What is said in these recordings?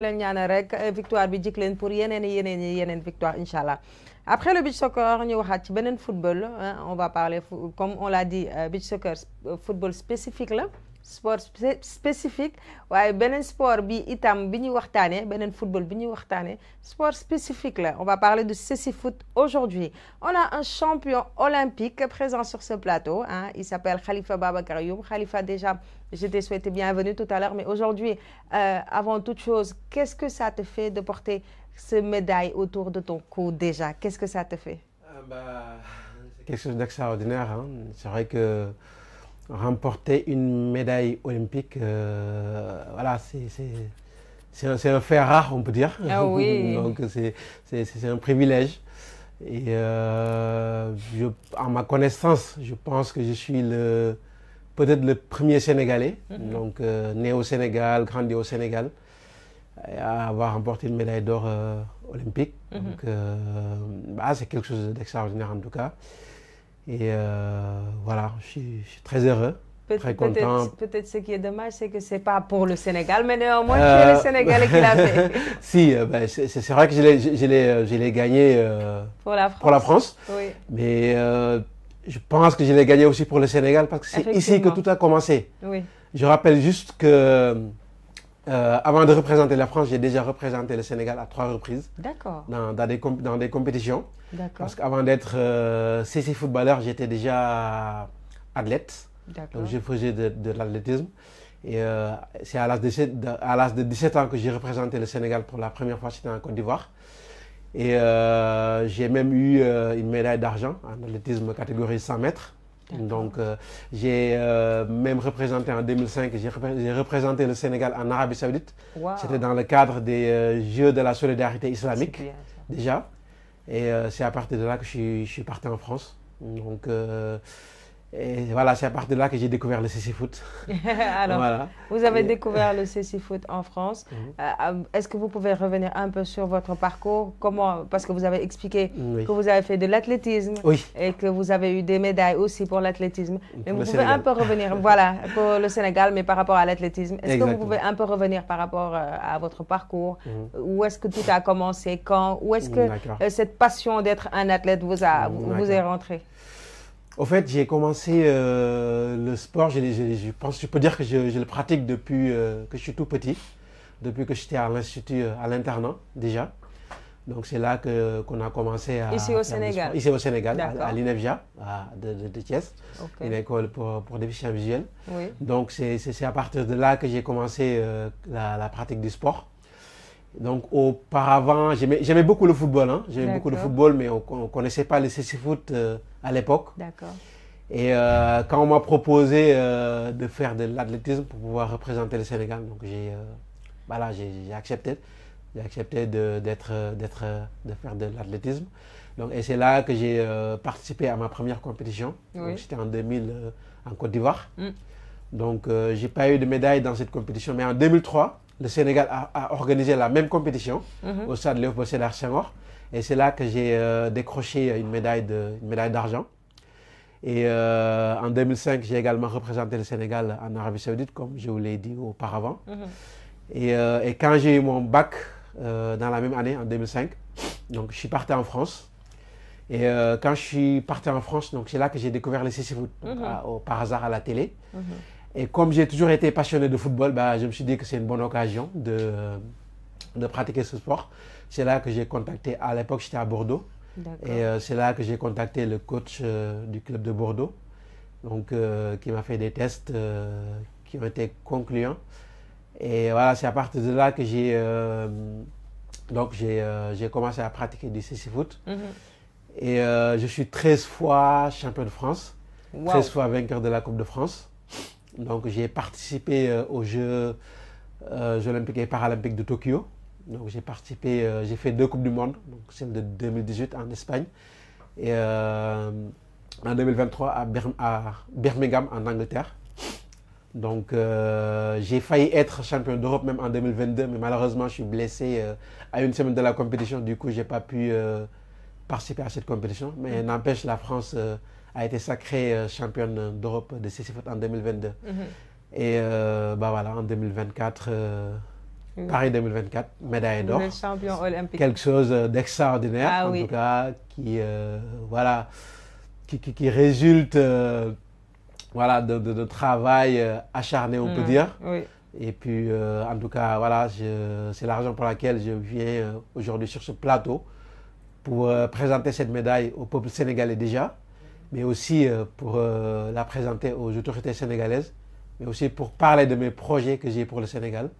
Euh, victoire pour yenen victoire après le beach soccer ñu waxat ci football hein, on va parler comme on l'a dit euh, beach soccer euh, football spécifique sport spécifique waaye beneen sport bi itam bi football bi sport spécifique on va parler de ceci foot aujourd'hui on a un champion olympique présent sur ce plateau hein. il s'appelle Khalifa Babacar Youm Khalifa déjà je t'ai souhaité bienvenue tout à l'heure mais aujourd'hui euh, avant toute chose qu'est-ce que ça te fait de porter ce médaille autour de ton cou déjà qu'est-ce que ça te fait euh, bah, c'est quelque chose d'extraordinaire hein. c'est vrai que remporter une médaille olympique, euh, voilà, c'est un, fait rare, on peut dire. Ah donc c'est un privilège. Et euh, ma connaissance, je pense que je suis peut-être le premier Sénégalais, mhm. donc euh, né au Sénégal, grandi au Sénégal, à avoir remporté une médaille d'or olympique. Mhm. Donc bah, c'est quelque chose d'extraordinaire en tout cas. Et euh, voilà, je suis, très heureux. très content. Peut-être ce qui est dommage, c'est que ce n'est pas pour le Sénégal, mais néanmoins, c'est euh, le Sénégal qui l'a fait. si, euh, ben, c'est vrai que je l'ai gagné pour la France. Pour la France. Mais je pense que je l'ai gagné aussi pour le Sénégal parce que c'est ici que tout a commencé. Je rappelle juste que euh, avant de représenter la France, j'ai déjà représenté le Sénégal à trois reprises. Dans, des, compétitions. Parce qu'avant d'être CC euh, footballeur, j'étais déjà athlète. Donc j'ai faisais de, l'athlétisme. Et euh, c'est à l'âge de, 17 ans que j'ai représenté le Sénégal pour la première fois, c'était en Côte d'Ivoire. Et j'ai même eu une médaille d'argent en athlétisme catégorie 100 mètres. Donc, euh, j'ai euh, même représenté en 2005, j'ai représenté le Sénégal en Arabie Saoudite. C'était dans le cadre des euh, Jeux de la solidarité islamique, déjà. Et c'est à partir de là que je suis, je suis parti en France. Donc, et voilà, c'est à partir de là que j'ai découvert le CC Foot. Alors, vous avez découvert le CC Foot en France. Mhm. Euh, est-ce que vous pouvez revenir un peu sur votre parcours Comment Parce que vous avez expliqué que vous avez fait de l'athlétisme et que vous avez eu des médailles aussi pour l'athlétisme. Mais vous pouvez un peu revenir, voilà, pour le Sénégal, mais par rapport à l'athlétisme. Est-ce que vous pouvez un peu revenir par rapport euh, à votre parcours mhm. Où est-ce que tout a commencé Quand Où est-ce que euh, cette passion d'être un athlète vous, a, vous est rentrée au fait, j'ai commencé euh, le sport, je, pense, je peux dire que je, le pratique depuis euh, que je suis tout petit, depuis que j'étais à l'institut, euh, à l'internat déjà. Donc c'est là qu'on a commencé à... Ici au Sénégal Ici au Sénégal, à, à de, une école pour, pour déficients visuels. Donc c'est, à partir de là que j'ai commencé la, pratique du sport. Donc auparavant, j'aimais beaucoup le football. Hein. beaucoup le football, mais on ne connaissait pas le CC Foot euh, à l'époque. D'accord. Et euh, quand on m'a proposé euh, de faire de l'athlétisme pour pouvoir représenter le Sénégal, donc j'ai bah accepté. J'ai accepté de, d'être, de faire de l'athlétisme. et c'est là que j'ai participé à ma première compétition. c'était en 2000 en Côte d'Ivoire. Mm. Donc, je j'ai pas eu de médaille dans cette compétition. Mais en 2003, le Sénégal a, organisé la même compétition mhm. au stade Léopold Sédar mort Et c'est là que j'ai euh, décroché une médaille d'argent. Et euh, en 2005, j'ai également représenté le Sénégal en Arabie Saoudite, comme je vous l'ai dit auparavant. Mhm. Euh, et, quand j'ai eu mon bac dans la même année, en 2005, donc je suis parti en France. Et quand je suis parti en France, c'est là que j'ai découvert le CC mhm. par hasard à la télé. Et comme j'ai toujours été passionné de football, bah, je me suis dit que c'est une bonne occasion de, de pratiquer ce sport. C'est là que j'ai contacté, à l'époque j'étais à Bordeaux, et euh, c'est là que j'ai contacté le coach euh, du club de Bordeaux, donc, euh, qui m'a fait des tests qui ont été concluants. Et voilà, c'est à partir de là que j'ai donc j'ai commencé à pratiquer du CC Foot. Mhm. Et je suis 13 fois champion de France, 13 fois vainqueur de la Coupe de France. Donc j'ai participé euh, aux euh, Jeux olympiques et paralympiques de Tokyo. Donc j'ai participé, euh, j'ai fait deux Coupes du Monde, donc celle de 2018 en Espagne et en 2023 à, Birmingham en Angleterre. Donc j'ai failli être champion d'Europe même en 2022, mais malheureusement je suis blessé à une semaine de la compétition. Du coup, j'ai pas pu participer à cette compétition. Mais mmh. n'empêche, la France a été sacrée euh, championne d'Europe de CCFOT en 2022. Mhm. Et euh, bah voilà, en 2024, euh, mhm. Paris 2024, médaille d'or. Quelque chose d'extraordinaire, ah en tout cas, qui, voilà, qui, résulte voilà, de, travail acharné, on peut mhm. dire. Et puis, en tout cas, voilà, c'est l'argent pour laquelle je viens aujourd'hui sur ce plateau pour présenter cette médaille au peuple sénégalais déjà mais aussi euh, pour euh, la présenter aux autorités sénégalaises, mais aussi pour parler de mes projets que j'ai pour le Sénégal,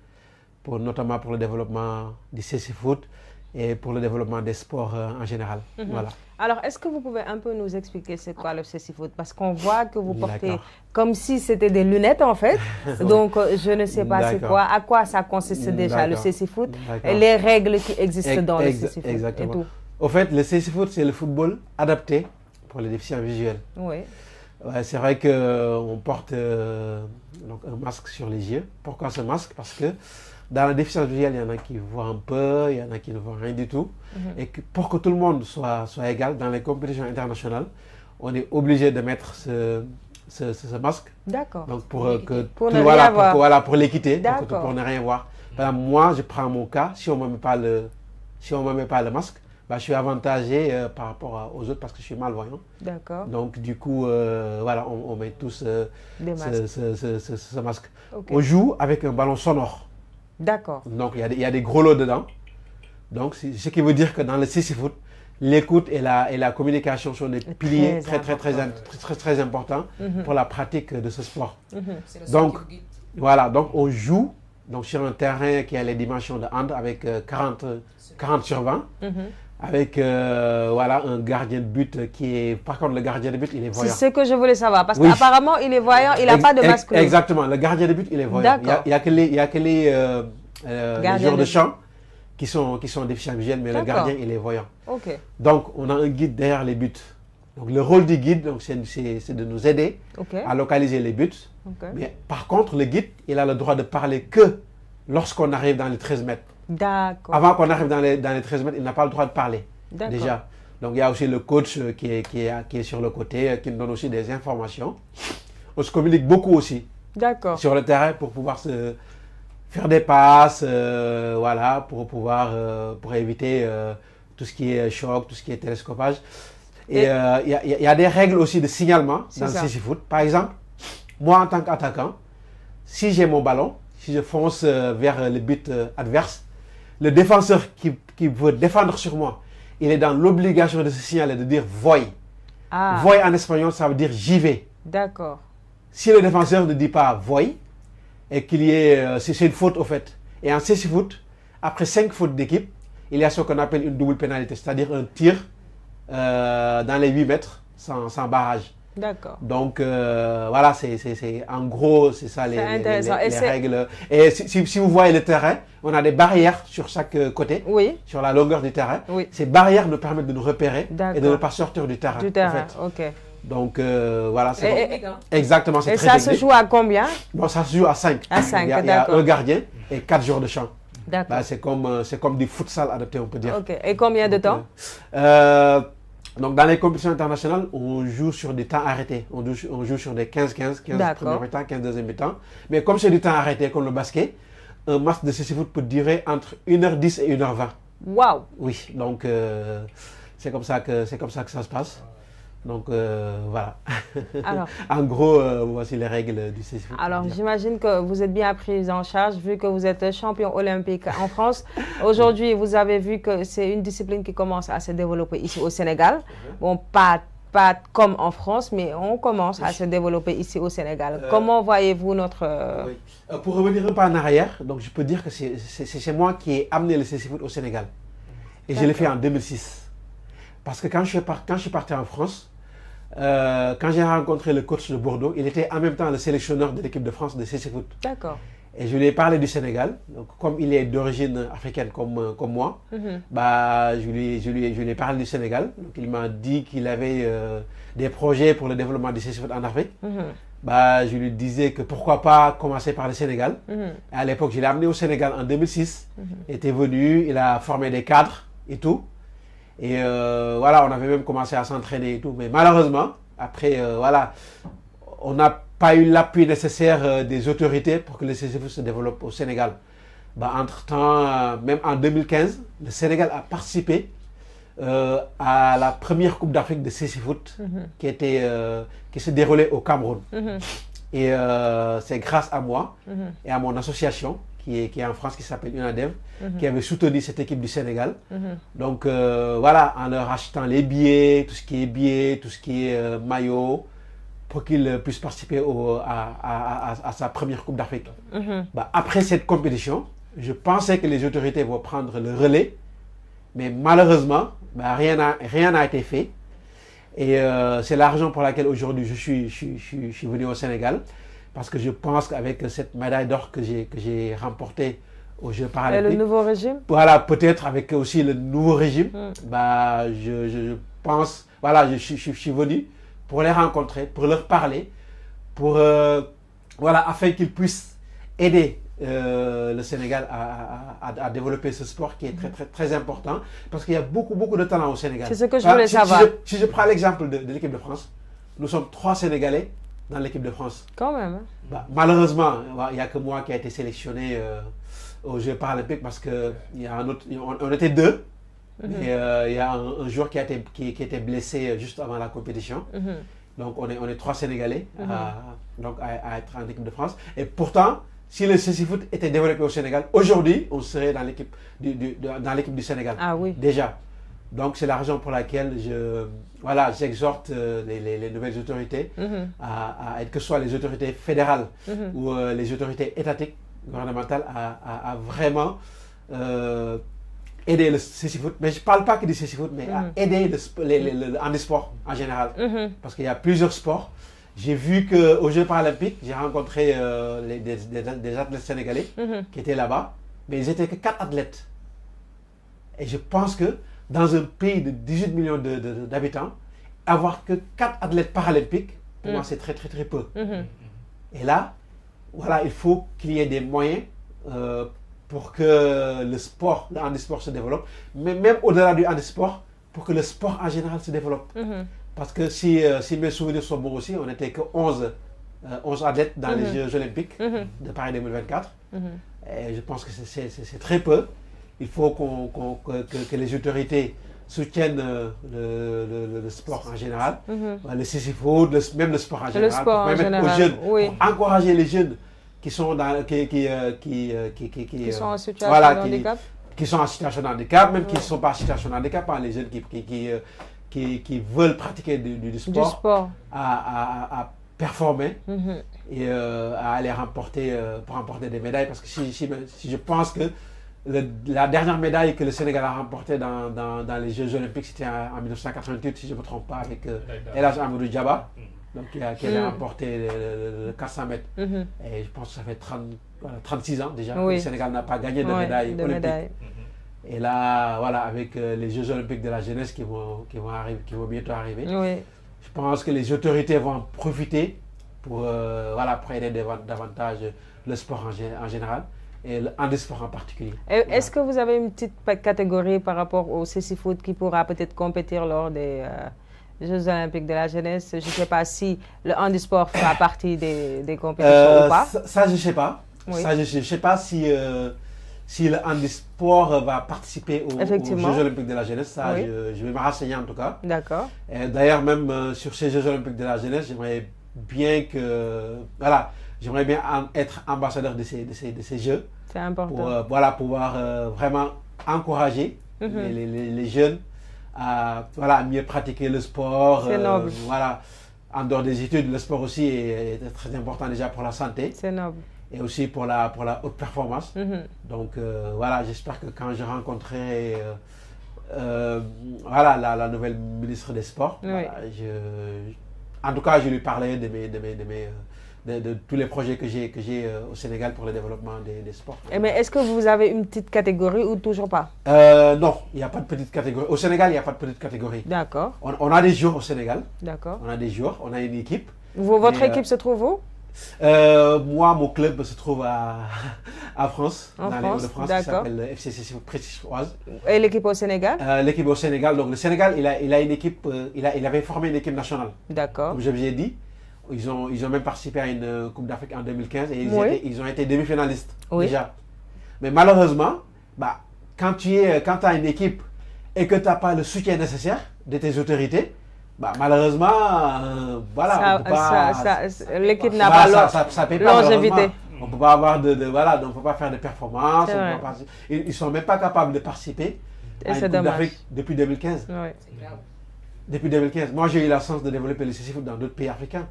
pour, notamment pour le développement du CC Foot et pour le développement des sports euh, en général. Mhm. Voilà. Alors, est-ce que vous pouvez un peu nous expliquer c'est quoi le CC Foot Parce qu'on voit que vous portez comme si c'était des lunettes en fait. Donc, je ne sais pas c'est quoi, à quoi ça consiste déjà le CC Foot et les règles qui existent dans le CC Et tout. Au fait, le CC Foot, c'est le football adapté les déficients visuels. c'est vrai qu'on euh, porte euh, donc un masque sur les yeux. Pourquoi ce masque Parce que dans la déficience visuelle, il y en a qui voient un peu, il y en a qui ne voient rien du tout. Mhm. Et pour que tout le monde soit, soit égal dans les compétitions internationales, on est obligé de mettre ce, ce, masque. D'accord. Donc pour, que voilà, pour, l'équité, pour, ne rien voir. Ben, moi, je prends mon cas, si on ne me pas le, si on me met pas le masque, bah, je suis avantagé euh, par rapport aux autres parce que je suis malvoyant. D'accord. Donc, du coup, euh, voilà, on, met tous euh, ce, masque. On joue avec un ballon sonore. D'accord. Donc, il y, a des gros lots dedans. Donc, ce qui veut dire que dans le six foot, l'écoute et la, et la communication sont des piliers très, très, très, très, très, importants mhm. pour la pratique de ce sport. Mhm. Donc, voilà, donc on joue donc, sur un terrain qui a les dimensions de hand avec 40, 40 sur 20 avec euh, voilà, un gardien de but qui est... Par contre, le gardien de but, il est voyant. C'est ce que je voulais savoir, parce qu'apparemment, il est voyant, il n'a pas de masque. Exactement, le gardien de but, il est voyant. Il n'y a, que les, il euh, euh, de, champ qui sont, qui sont déficients mais le gardien, il est voyant. Donc, on a un guide derrière les buts. Donc, le rôle du guide, c'est de nous aider à localiser les buts. Mais par contre, le guide, il a le droit de parler que lorsqu'on arrive dans les 13 mètres. D'accord. Avant qu'on arrive dans les, 13 mètres, il n'a pas le droit de parler. Déjà. Donc il y a aussi le coach euh, qui est, sur le côté, euh, qui nous donne aussi des informations. On se communique beaucoup aussi. D'accord. Sur le terrain pour pouvoir se faire des passes, euh, voilà, pour pouvoir pour éviter tout ce qui est choc, tout ce qui est télescopage. Et il y, a des règles aussi de signalement dans le le foot. Par exemple, moi en tant qu'attaquant, si j'ai mon ballon, si je fonce vers le but adverse, le défenseur qui, veut défendre sur moi, il est dans l'obligation de se signaler, de dire voy. Ah. Voy en espagnol, ça veut dire j'y vais. D'accord. Si le défenseur ne dit pas voy, et qu'il y ait. Euh, c'est une faute au fait. Et en 6 foot, après 5 fautes d'équipe, il y a ce qu'on appelle une double pénalité, c'est-à-dire un tir euh, dans les 8 mètres sans barrage. D'accord. Donc euh, voilà, c'est en gros, c'est ça les, règles. Et si, vous voyez le terrain, on a des barrières sur chaque euh, côté, sur la longueur du terrain. Ces barrières nous permettent de nous repérer et de ne pas sortir du terrain. Du terrain, ok. Donc euh, voilà, c'est bon. Exactement, c'est Et ça se joue à combien Bon, ça se joue à 5. À 5, Il y a, un gardien et 4 jours de champ. D'accord. Bah, c'est comme, comme du futsal adapté, on peut dire. Ok. Et combien de temps donc, dans les compétitions internationales, on joue sur des temps arrêtés. On joue, sur des 15-15, 15 premiers temps, 15 deuxième temps. Mais comme c'est du temps arrêté, comme le basket, un match de ceci foot peut durer entre 1h10 et 1h20. Waouh Oui, donc euh, c'est comme, comme ça que ça se passe. Donc euh, voilà. Alors, en gros, euh, voici les règles du CCF. Alors j'imagine que vous êtes bien pris en charge vu que vous êtes champion olympique en France. Aujourd'hui, vous avez vu que c'est une discipline qui commence à se développer ici au Sénégal. Mhm. Bon, pas pas comme en France, mais on commence à se développer ici au Sénégal. Euh, Comment voyez-vous notre... pour revenir un peu en arrière, donc je peux dire que c'est moi qui ai amené le foot au Sénégal. Et je l'ai fait en 2006. Parce que quand je, quand je suis parti en France, euh, quand j'ai rencontré le coach de Bordeaux, il était en même temps le sélectionneur de l'équipe de France de CC Foot. D'accord. Et je lui ai parlé du Sénégal. Donc, comme il est d'origine africaine comme, comme moi, mhm. bah, je, lui, je, je lui ai parlé du Sénégal. Donc, il m'a dit qu'il avait euh, des projets pour le développement du CC Foot en Afrique. Mhm. bah, je lui disais que pourquoi pas commencer par le Sénégal. Mhm. À l'époque, je l'ai amené au Sénégal en 2006. Il était venu, il a formé des cadres et tout. Et euh, voilà, on avait même commencé à s'entraîner et tout. Mais malheureusement, après, euh, voilà, on n'a pas eu l'appui nécessaire euh, des autorités pour que le CCF se développe au Sénégal. Bah, Entre-temps, même en 2015, le Sénégal a participé à la première Coupe d'Afrique de CC Foot mhm. qui, était, qui se déroulait au Cameroun. Mhm. Et c'est grâce à moi mhm. et à mon association qui est, en France, qui s'appelle UNADEV, mhm. qui avait soutenu cette équipe du Sénégal. Mhm. Donc euh, voilà, en leur achetant les billets, tout ce qui est billets, tout ce qui est euh, maillot, pour qu'ils puissent participer à, sa première Coupe d'Afrique. Mhm. Bah, après cette compétition, je pensais que les autorités vont prendre le relais, mais malheureusement, bah, rien n'a été fait. Et euh, c'est l'argent pour laquelle aujourd'hui je suis venu au Sénégal parce que je pense qu'avec cette médaille d'or que j'ai remportée aux Jeux paralympiques. Et le nouveau régime Voilà, peut-être avec aussi le nouveau régime. Hmm. Bah, je, pense, voilà, je, suis venu pour les rencontrer, pour leur parler, pour, euh, voilà, afin qu'ils puissent aider euh, le Sénégal à, développer ce sport qui est très, très, très important parce qu'il y a beaucoup, beaucoup de talent au Sénégal. C'est ce que je bah, voulais savoir. Si je, prends l'exemple de l'équipe de France, nous sommes trois Sénégalais dans l'équipe de France. Quand même. Hein. Bah, malheureusement, il n'y a que moi qui a été sélectionné euh, aux Jeux paralympiques parce qu'on on, était deux. Mhm. Euh, il y a un, joueur qui a été, qui, qui blessé juste avant la compétition. Mhm. Donc on est, on est trois Sénégalais mhm. à, donc à, être en équipe de France. Et pourtant, si le ceci foot était développé au Sénégal, aujourd'hui, on serait dans l'équipe dans l'équipe du Sénégal. Ah oui. Déjà. Donc, c'est la raison pour laquelle je, voilà, j'exhorte euh, les, nouvelles autorités, mhm. à, que ce soit les autorités fédérales mhm. ou euh, les autorités étatiques, gouvernementales, à, vraiment euh, aider le foot. Mais je ne parle pas que du foot, mais à mhm. aider les, en général. Parce qu'il y a plusieurs sports. J'ai vu qu'aux Jeux paralympiques, j'ai rencontré des, des, athlètes sénégalais qui étaient là-bas, mais ils n'étaient que quatre athlètes. Et je pense que dans un pays de 18 millions d'habitants, avoir que 4 athlètes paralympiques, pour moi, mm. c'est très, très, très peu. Mm-hmm. Mm-hmm. Et là, voilà, il faut qu'il y ait des moyens euh, pour que le sport, le handisport se développe, mais même au-delà du handisport, pour que le sport en général se développe. Mm-hmm. Parce que si, euh, si, mes souvenirs sont bons aussi, on n'était que 11, 11, euh, athlètes dans les Jeux Olympiques de Paris 2024. Et je pense que c'est très peu il faut qu'on que, les autorités soutiennent euh, le, sport en général, mhm. bah, le même le sport en général, pour encourager les jeunes qui sont qui qui sont en situation de handicap, qui sont en situation handicap, même qui ne mhm. sont pas en situation de handicap, hein, les jeunes qui qui, qui euh, veulent pratiquer du, sport, À, performer mhm. et euh, à aller remporter des médailles parce que si je pense que la dernière médaille que le Sénégal a remportée dans, les Jeux Olympiques, c'était en, 1988, si je ne me trompe pas, avec euh, Elas Amadou Djaba, mm. qui a, mm. remporté le, 400 mètres. Mm-hmm. Et je pense que ça fait 36 euh, ans déjà que le Sénégal n'a pas gagné de médaille olympique. Mm-hmm. Et là, voilà, avec euh, les Jeux Olympiques de la jeunesse qui vont, bientôt arriver, je pense que les autorités vont en profiter pour, euh, aider davantage le sport en général et le handisport en particulier. Est-ce que vous avez une petite catégorie par rapport au foot qui pourra peut-être compétir lors des euh, Jeux Olympiques de la jeunesse Je ne sais pas si le handisport fera partie des, compétitions euh, ou pas. Ça, je ne sais pas. Ça, je ne sais pas si, euh, si le handisport va participer aux, Jeux Olympiques de la jeunesse. Ça, je, vais me renseigner en tout cas. D'accord. D'ailleurs, même sur ces Jeux Olympiques de la jeunesse, j'aimerais bien que. Voilà. J'aimerais bien être ambassadeur de ces, de ces Jeux. C'est important. Pour euh, voilà, pouvoir euh, vraiment encourager mm-hmm. les, jeunes à voilà, mieux pratiquer le sport. C'est euh, noble. voilà, en dehors des études, le sport aussi est, très important déjà pour la santé. C'est noble. Et aussi pour la, pour la haute performance. Mm-hmm. Donc voilà, j'espère que quand je rencontrerai... voilà, la, nouvelle ministre des Sports. en tout cas, je lui parlerai de mes de, tous les projets que j'ai euh, au Sénégal pour le développement des, sports. mais est-ce que vous avez une petite catégorie ou toujours pas euh, Non, il n'y a pas de petite catégorie. Au Sénégal, il n'y a pas de petite catégorie. D'accord. On, a des jours au Sénégal. D'accord. On a des joueurs, on a une équipe. votre euh, équipe se trouve où moi, mon club se trouve à, à France, en dans France, de France, qui s'appelle FCC Et l'équipe au Sénégal L'équipe au Sénégal. Donc, le Sénégal, il, a, a une équipe, il, a, il avait formé une équipe nationale. D'accord. Comme je vous ai dit. Ils ont, ils ont même participé à une euh, Coupe d'Afrique en 2015 et ils, ont été demi-finalistes déjà. Mais malheureusement, bah, quand tu es, euh, quand as une équipe et que tu n'as pas le soutien nécessaire de tes autorités, bah, malheureusement, voilà. L'équipe n'a pas On ne peut pas avoir de, voilà, donc on peut pas faire de performances. ils ne sont même pas capables de participer à une Coupe d'Afrique depuis 2015. Depuis 2015. Moi, j'ai eu la chance de développer le CCF dans d'autres pays africains.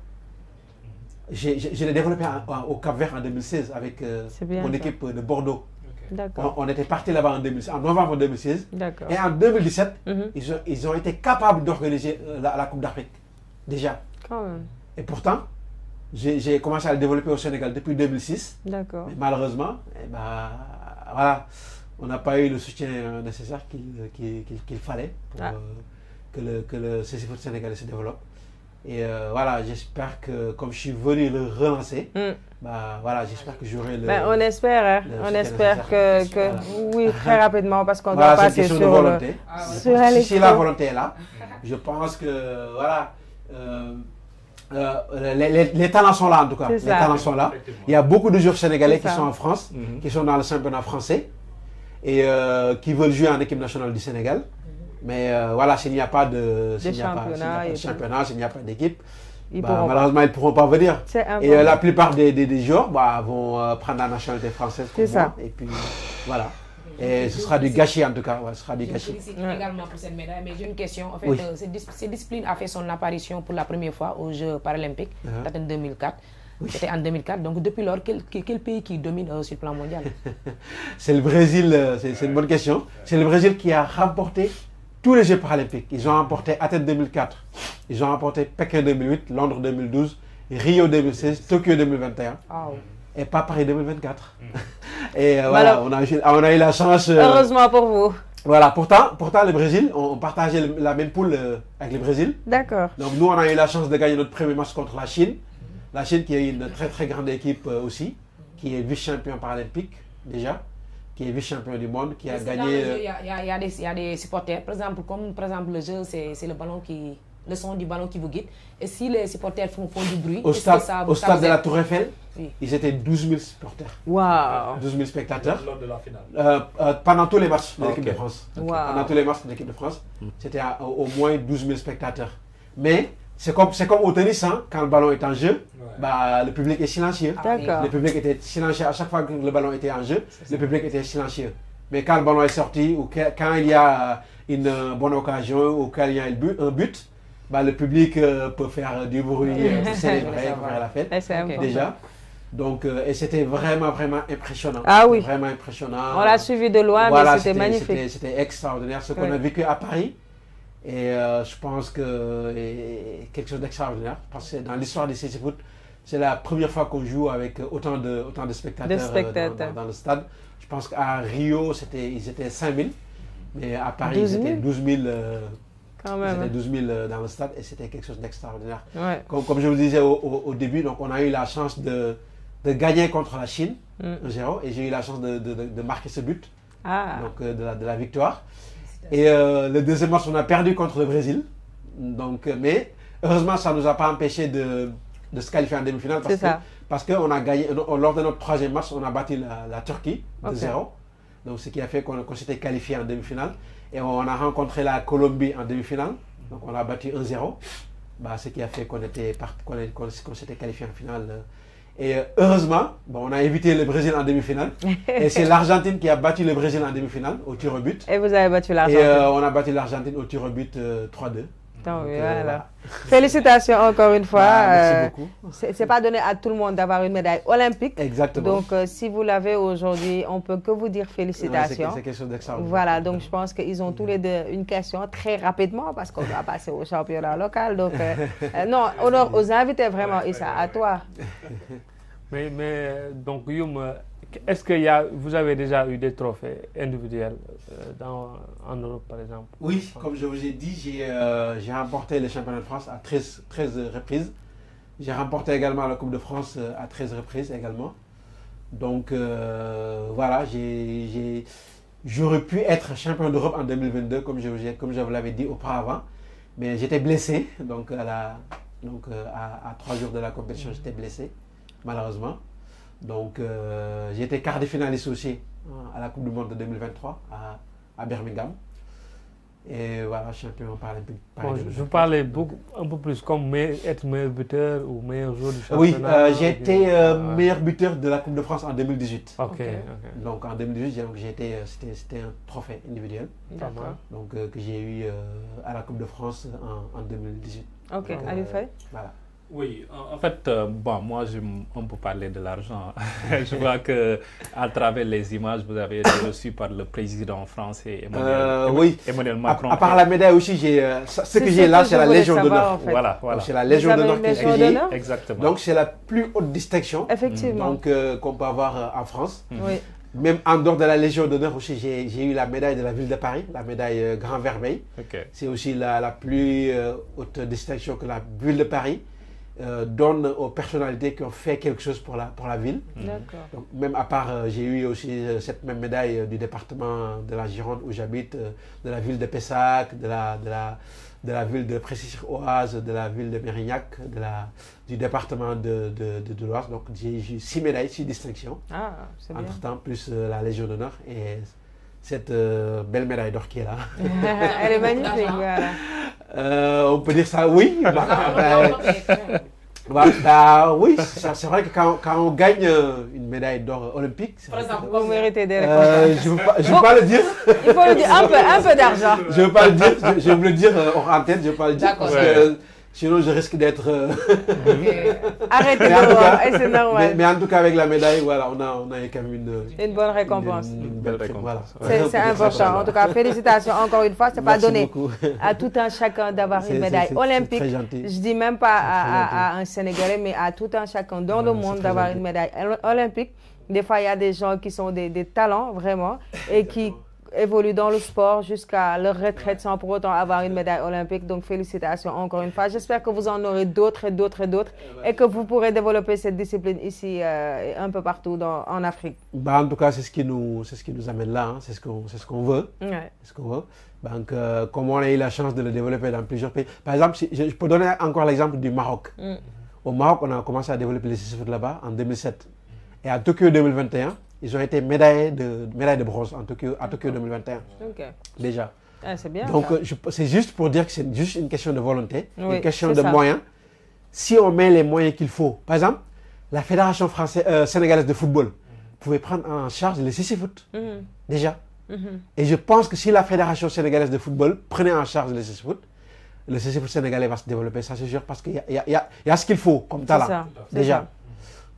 Je l'ai développé au Cap-Vert en 2016 avec euh, mon équipe de Bordeaux. On, était parti là-bas en, novembre 2016. Et en 2017, mhm. ils, ont, été capables d'organiser euh, la, Coupe d'Afrique. Déjà. Et pourtant, j'ai commencé à le développer au Sénégal depuis 2006. D'accord. Malheureusement, eh ben, voilà, on n'a pas eu le soutien euh, nécessaire qu'il fallait pour ah. que le, que sénégalais se développe. Et euh, voilà, j'espère que, comme je suis venu le relancer, mm. bah, voilà, j'espère que j'aurai le. Ben, on espère, hein. on espère que, oui, très rapidement, parce qu'on doit passer sur. De volonté. Ah, si, la volonté est là, je pense que, voilà. Euh, euh, les, talents sont là en tout cas. Les talents sont là. Il y a beaucoup de joueurs sénégalais qui sont en France, mhm. qui sont dans le championnat français et qui veulent jouer en équipe nationale du Sénégal. Mais euh, voilà, s'il n'y a pas de, championnat, s'il n'y a pas d'équipe, bah, malheureusement, ils ne pourront pas venir. Et euh, la plupart des, des, joueurs bah, vont euh, prendre la nationalité française. C'est ça. Et puis, voilà. Et ce sera du gâchis en tout cas. ce sera du je félicite également pour cette médaille, mais j'ai une question. En fait, cette, discipline a fait son apparition pour la première fois aux Jeux paralympiques, ah. en 2004. C'était en 2004. Donc depuis lors, quel, pays qui domine sur le plan mondial C'est le Brésil. c'est une bonne question. C'est le Brésil qui a remporté tous les Jeux paralympiques. Ils ont remporté Athènes 2004, ils ont remporté Pékin 2008, Londres 2012, Rio 2016, Tokyo 2021. Et pas Paris 2024. Mm. Et euh, voilà, on a, eu la chance. Euh, Heureusement pour vous. Voilà, pourtant, pourtant le Brésil, on, partageait la même poule euh, avec le Brésil. D'accord. Donc nous, on a eu la chance de gagner notre premier match contre la Chine. La Chine qui est une très très grande équipe aussi, qui est vice-champion paralympique déjà qui est vice-champion du monde, qui a gagné. Il euh, y, y, y, a des supporters. Par exemple, comme par exemple, le jeu, c'est le ballon qui. Le son du ballon qui vous guide. Et si les supporters font, du bruit, au stade, au stade de la Tour Eiffel, ils étaient 12 000 supporters. Wow. 12 000 spectateurs. Lors de la finale. Euh, euh, pendant tous les matchs de l'équipe de France. Pendant tous les matchs de l'équipe de France, c'était au moins 12 000 spectateurs. Mais c'est comme, au tennis, hein. quand le ballon est en jeu, bah, le public est silencieux. Ah, le public était silencieux à chaque fois que le ballon était en jeu, le public était silencieux. Mais quand le ballon est sorti, ou quand il y a une bonne occasion, ou quand il y a un but, un but bah, le public euh, peut faire du bruit, euh, célébrer, faire la fête, déjà. Donc, euh, et c'était vraiment, vraiment impressionnant. Ah oui. Vraiment impressionnant. On l'a suivi de loin, mais c'était magnifique. C'était extraordinaire. Ce qu'on a vécu à Paris, et euh, je pense que c'est quelque chose d'extraordinaire. Parce que dans l'histoire du CC Foot, c'est la première fois qu'on joue avec autant de, autant de spectateurs, euh, Dans, le stade. Je pense qu'à Rio, c'était, ils étaient 5000. Mais à Paris, ils étaient 12 000. Euh, quand même. C'était dans le stade et c'était quelque chose d'extraordinaire. Comme, je vous disais au, début, donc on a eu la chance de, de gagner contre la Chine, mm. 0 et j'ai eu la chance de, de, marquer ce but, ah. donc de la victoire. Et euh, le deuxième match, on a perdu contre le Brésil. Euh, mais heureusement, ça ne nous a pas empêché de, se qualifier en demi-finale. Parce, que, parce qu'on a gagné, euh, lors de notre troisième match, on a battu la, Turquie de 0 zéro. Donc, ce qui a fait qu'on s'était qualifié en demi-finale. Et on a rencontré la Colombie en demi-finale. Donc, on a battu 1-0. Bah, ce qui a fait qu'on était, s'était qualifié en finale et euh, heureusement, bon, on a évité le Brésil en demi-finale. et c'est l'Argentine qui a battu le Brésil en demi-finale au tir au but. Et vous avez battu l'Argentine. Et euh, on a battu l'Argentine au tir au but 3-2. Euh, euh, voilà. Félicitations encore une fois. Bah, merci euh, c'est pas donné à tout le monde d'avoir une médaille olympique. Exactement. Donc, euh, si vous l'avez aujourd'hui, on peut que vous dire félicitations. C'est Voilà, donc je pense qu'ils ont tous mm. les deux une question très rapidement parce qu'on va passer au championnat local. Donc, non, honneur aux invités vraiment, Issa, à toi. Mais, mais donc, Youm, est-ce que vous avez déjà eu des trophées individuels euh, en Europe, par exemple Oui, comme je vous ai dit, j'ai euh, remporté le championnat de France à 13, reprises. J'ai remporté également la Coupe de France euh, à 13 reprises également. Donc voilà, j'aurais pu être champion d'Europe en 2022, comme je, vous l'avais dit auparavant. Mais j'étais blessé, donc, à trois jours de la compétition, j'étais blessé, malheureusement. Donc, euh, j'ai été quart de finaliste aussi euh, à la Coupe du Monde de 2023 à, Birmingham. Et voilà, champion paralympique. Bon, je parlais beaucoup, un peu plus comme être meilleur buteur ou meilleur joueur du championnat. Oui, euh, j'ai été ah, meilleur buteur de la Coupe de France en 2018. Ok. Donc en 2018, c'était un trophée individuel. Donc que j'ai eu à la Coupe de France en, 2018. Ok, allez faire. Voilà. Oui, en fait, euh, bon, moi, je, on peut parler de l'argent. je vois que à travers les images, vous avez été reçu par le président français euh, Emmanuel, Macron. oui. Macron. À, part la médaille aussi, j'ai euh, ce que j'ai là, c'est la Légion d'honneur. Voilà, voilà. C'est la Légion d'honneur que j'ai. Exactement. Donc, c'est la plus haute distinction. qu'on peut avoir en France. Mhm. même en dehors de la Légion d'honneur aussi, j'ai eu la médaille de la ville de Paris, la médaille Grand Vermeil. C'est aussi la, plus haute distinction que la ville de Paris. Euh, donne aux personnalités qui ont fait quelque chose pour la, pour la ville. Mhm. même à part, euh, j'ai eu aussi euh, cette même médaille du département de la Gironde où j'habite, de la ville de Pessac, de la, de la, de la ville de précis oise de la ville de Mérignac, de la, du département de, de, de, Donc j'ai eu six médailles, six distinctions. Ah, Entre-temps, plus la Légion d'honneur. Et cette euh, belle médaille d'or qui est là. Elle est magnifique, ah, euh, on peut dire ça, oui. Ah, bah, ah, bah, bah, bah, oui, c'est vrai que quand, on gagne euh, une médaille d'or olympique, Par exemple, vous méritez des euh, Je ne veux, pas, je le dire. Il faut le dire, un peu, un peu d'argent. Je ne veux pas le dire, je, veux le dire en tête. je ne veux pas le dire. Sinon, je risque d'être. Euh, Arrêtez de hein, c'est normal. Mais, en tout cas, avec la médaille, voilà, on a, on quand même une. Une bonne récompense. belle récompense. C'est important. En tout cas, félicitations encore une fois. C'est pas donné à tout un chacun d'avoir une médaille olympique. Je dis même pas à, un Sénégalais, mais à tout un chacun dans le monde d'avoir une médaille olympique. Des fois, il y a des gens qui sont des talents, vraiment, et qui, évoluent dans le sport jusqu'à leur retraite sans pour autant avoir une médaille olympique. Donc félicitations encore une fois. J'espère que vous en aurez d'autres et d'autres et d'autres et que vous pourrez développer cette discipline ici euh, un peu partout en Afrique. Bah, en tout cas, c'est ce, qui nous, ce qui nous amène là. Hein. C'est ce qu'on ce qu'on veut. Ce qu'on veut. Donc, comment euh, comme on a eu la chance de le développer dans plusieurs pays. Par exemple, je, peux donner encore l'exemple du Maroc. Mm. Au Maroc, on a commencé à développer les CCF là-bas en 2007. Et à Tokyo 2021, ils ont été médaillés de, médaille de bronze en Tokyo, à Tokyo 2021. Déjà. Ah, c'est bien. Donc, c'est juste pour dire que c'est juste une question de volonté, une question de moyens. Si on met les moyens qu'il faut, par exemple, la Fédération française, euh, sénégalaise de football mhm. pouvait prendre en charge le CC mhm. Déjà. Mhm. Et je pense que si la Fédération sénégalaise de football prenait en charge le CC le CC sénégalais va se développer, ça c'est sûr, parce qu'il y, a ce qu'il faut comme talent. Ça. Déjà.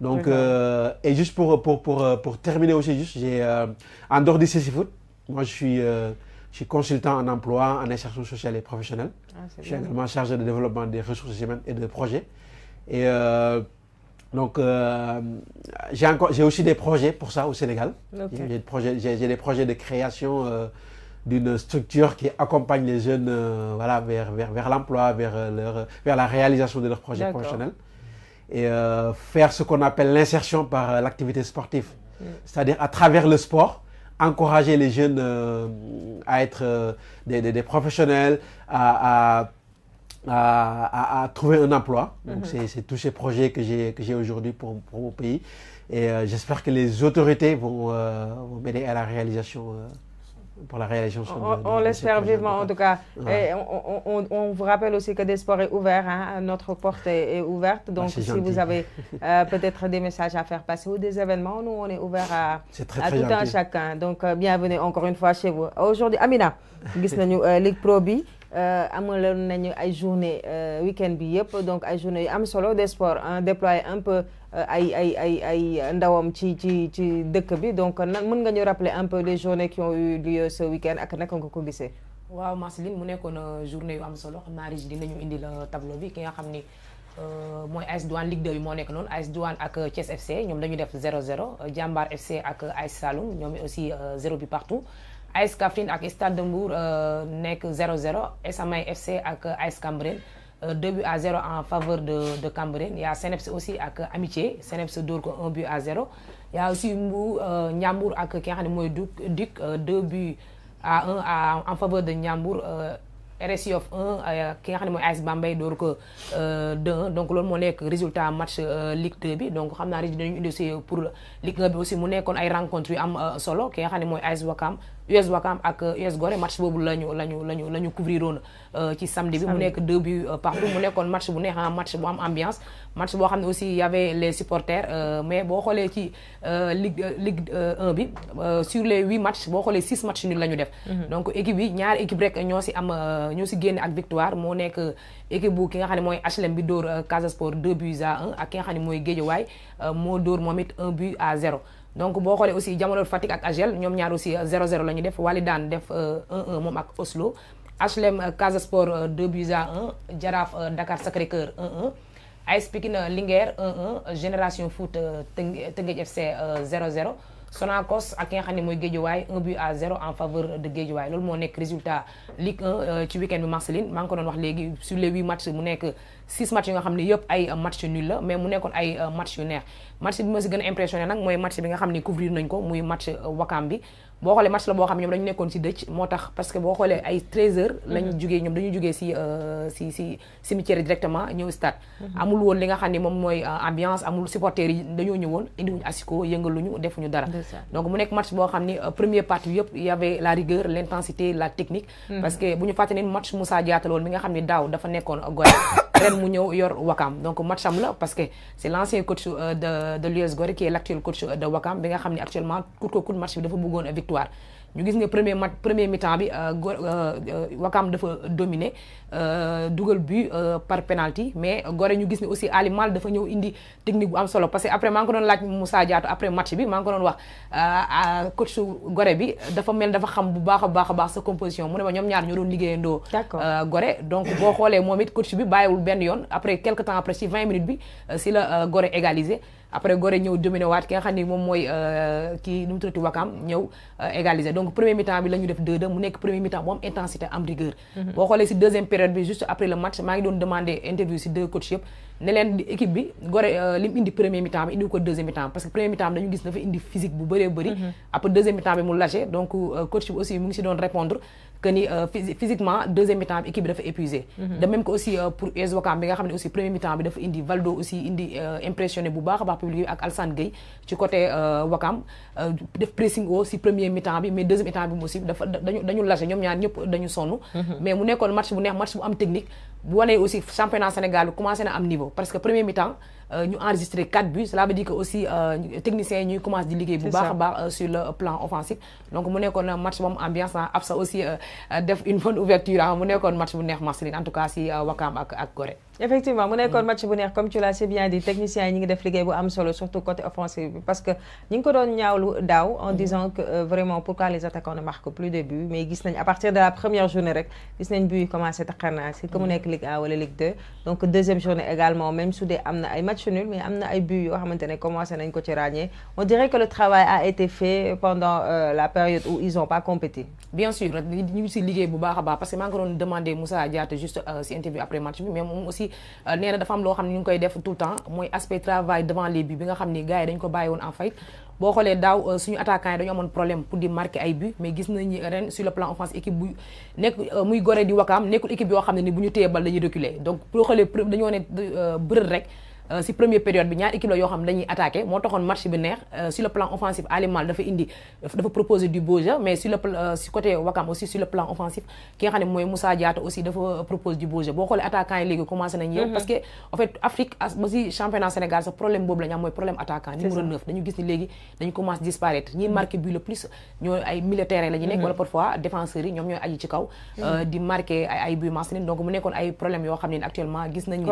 Donc, euh, et juste pour, pour, pour, euh, pour terminer aussi, juste, j'ai, euh, en dehors du CCFoot, moi je suis, euh, je suis consultant en emploi, en insertion sociale et professionnelle. Ah, je suis également chargé de développement des ressources humaines et de projets. Et donc, j'ai, encore, j'ai aussi des projets pour ça au Sénégal. J'ai, des projets, j'ai, des projets de création d'une structure qui accompagne les jeunes voilà, vers, vers, vers l'emploi, vers, leur, vers la réalisation de leurs projets professionnels et euh, faire ce qu'on appelle l'insertion par l'activité sportive. C'est-à-dire à travers le sport, encourager les jeunes euh, à être euh, des, professionnels, à, trouver un emploi. Donc mhm. c'est tous ces projets que j'ai aujourd'hui pour, mon pays. Et j'espère que les autorités vont, vont m'aider à la réalisation pour la réalisation on, laisse faire vivement en tout cas et on, on, on, vous rappelle aussi que Desport est ouvert hein, notre porte est, ouverte ah, donc si vous avez euh, peut-être des messages à faire passer ou des événements nous on est ouvert à, à tout un chacun donc euh, bienvenue encore une fois chez vous aujourd'hui Amina euh, Ligue Pro bi amaloon nañu journée week-end donc une journée am solo Desport hein, déployer un peu Euh, ay ay ay ay ndawam ci ci ci dëkk bi donc nan mën nga ñu rappeler un peu les journées qui ont eu lieu ce ak naka nga ko gisee. waaw Marceline mu nekkoon euh, journée yu am solo xam naa Régis nañu indi la tableau bi ki nga xam ni euh, mooy AS Douane Ligue 2 bi moo nekk noonu AS Douane ak Thiès FC ñoom dañu def 0-0 Jambar FC ak AS Saloum ñoom aussi zéro bi partout. AS Kaffrine ak Stade de Mbour nekk zéro 0 Esamay FC ak AS Cambérène. 2 euh, buts à 0 en faveur de, de Il y a Seneps aussi avec Amitié. Seneps dort 1 but à 0. Il y a aussi Mbou, euh, Nyambour avec Kéhane Duc, 2 euh, buts à 1 en faveur de Nyambour. Euh, RSI of 1 ki nga a ne buts à 2-1 donc le moo nekk résultat match euh, Ligue 2 bi donc on a dit que pour Ligue 2 b aussi mu nekkoon ay rencontre solo qui a xam ne buts à Wakam US Wakam ak US match bobu la lañu la lañu la euh, samedi bi mu deux buts euh, partout mu match bu hein, match bu am ambiance match bo aussi y avait les supporters euh, mais on xolé ci ligue ligue 1 sur les huit matchs bo six matchs nul la def mhm. donc équipe bi ñaar équipe rek ñoo si am ñoo victoire mo nek équipe bu ki nga HLM Sport deux buts à un ak ki nga xamné moy mo d'or un but à 0. donc boo xoolee aussi jamono Fatick ak AGEL ñoom ñaar aussi 0-0 euh, la ñu def Walidaan def 1 euh, moom ak Oslo HLM euh, Casa Sport 2 buts à 1 Jaraaf Dakar Sacré-Cœur 1-1 AS Pikine Linguère 1-1 Génération Foot Teungueth FC 0-0 Sonacos ak nga xam moy mooy Guédiawaye 1 but à 0 en faveur de Guédiawaye lolou mo nek résultat Ligue 1 euh, ci weekend end bi Marceline man ko don wax légui sur les 8 matchs mu nek 6 matchs nga xam ne ay match nul la mais mu nekkoon ay euh, match yu neex match bi ma si gën impressionné nak moy match bi nga xam couvrir nañ ko muy match euh, Wakam bi bo xolé match la bo xamni ñom dañu nekkon ci dëj motax parce que bo xolé ay 13h. Mhm. lañu jugee ñom dañu jugee si si si cimetière directement ñëw stade. Mhm. amul woon li nga xamni mom moy euh, ambiance amul supporter dañu dañoo indi indiwuñu asiko yëngaluñu defuñu dara. donc mu nekk match bo xamni premier euh, première partie yëpp y avait la rigueur l'intensité la technique. Mhm. parce que buñu faté né match Moussa Diatta lool mi nga xamni daw dafa nekkon Gorée ren mu ñëw yor Wakam donc match am la parce que c'est l'ancien coach euh, de de l'US Gorée qui est l'actuel coach de Wakam bi nga xamni actuellement coûte ko coûte match bi dafa bëggoon nous ñu gis nga premier match premier mi-temps dominé but par penalty mais gore ñu gis aussi Ali Mal dafa indi technique bu am solo parce après ko Moussa après match bi euh, coach bi dafa composition mu ne ma ñoom ñaar ñoo doon liggéeyandoo. Euh, donc boo coach bi après quelques temps après 20 minutes bi euh, si gore égalisé après Gorée ñëw dominé waat ki nga xam mom moy euh ki nu mu tuddati Wakam ñëw euh, égaliser donc premier mi-temps bi lañu def 2-2 mu nekk premier mi-temps mom intensité am rigueur. Mhm. bo xolé ci deuxième période bi juste après le match ma ngi doon demander interview ci deux coachs yëpp ne leen di équipe bi Gorée euh, lim indi premier mi-temps bi indi ko deuxième mi-temps parce que premier mi-temps bi dañu gis dafa indi physique bu bëree bëri. Mhm. après deuxième mi-temps bi mu lâché donc euh, coach bi aussi mu ngi ci doon répondre que ni euh, physiquement deuxième mi-temps équipe mhm. de même que euh, pour bi nga aussi premier mi-temps indi Valdo aussi indi euh, impressionné bu côté pressing premier mi-temps mais deuxième mi-temps bi aussi dañu dañu mhm. mais mu match bu match technique bu aussi championnat Sénégal a commencé à un niveau parce que premier mi-temps avons euh, enregistré 4 buts cela veut dire que aussi euh, techniciens commencent ñuy commencé di euh, sur le plan offensif donc mu un match moom ambiance ah ça aussi une bonne ouverture ah mu un match bu en tout cas si Wakaam ak Gorée effectivement mu match bu comme tu l'as si bien dit techniciens yi ñu ngi def liggéey bu am solo surtout côté offensif parce que ñu ngi ko doon ñaawlu daaw en disant que euh, vraiment pourquoi les attaquants ne marquent plus de buts mais gis nañ à partir de la première journée rek gis nañ à yi commencé taxanaa si que mu mm. nekk Ligue a wala Ligue 2 donc deuxième journée également même su dee am na ay match nul mais am na ay buts yoo xamante commencé nañ ko ci on dirait que le travail a été fait pendant euh, la période où ils ont pas compété bien sûr ñu ngi si liggéey bu baax a parce que maa ngi ko doon demandé Moussa diate juste euh, si interview après match mais aussi aussi euh, nee dafa am loo xam ne ñu ngi koy def tout le temps mooy aspect travail devant les buts bi nga xam ni gars dañ ko bàyyi woon en fait boo xoolee daaw euh, suñu attaquant yi dañu amoon problème pour di marquer ay buts mais gis nañu ren sur le plan offense équipe bu nekk euh, muy Gorée di Wakaam nekkul équipe yoo xam ne ni bu ñu téye bal dañuy reculer donc boo xoolee dañoo ne bërël rek Euh, si première période bi ñaar équipe la yoo xam dañuy attaquer mo taxone match bi neex euh, sur le plan offensif Mal dafa indi dafa proposer du beau jeu mais sur le euh, si côté Wakam aussi sur le plan offensif ki nga xam moy Moussa Diatta aussi dafa proposer du beau jeu bo xoolee attaquant yi léegi commencé nañ ñëw mhm. parce que en fait Afrique ba si championnat Sénégal sax problème bobu la ñam moy problème attaquant numéro 9 dañu gis ni légui dañu commence disparaître ñi marqué but le plus ñooy ay militaires la ñu nek mhm. wala parfois défenseur yi ñom ñoy aji ci kaw mhm. di marquer ay ay but manc donc mu nekkoon ay problème yo xam actuellement gis nañ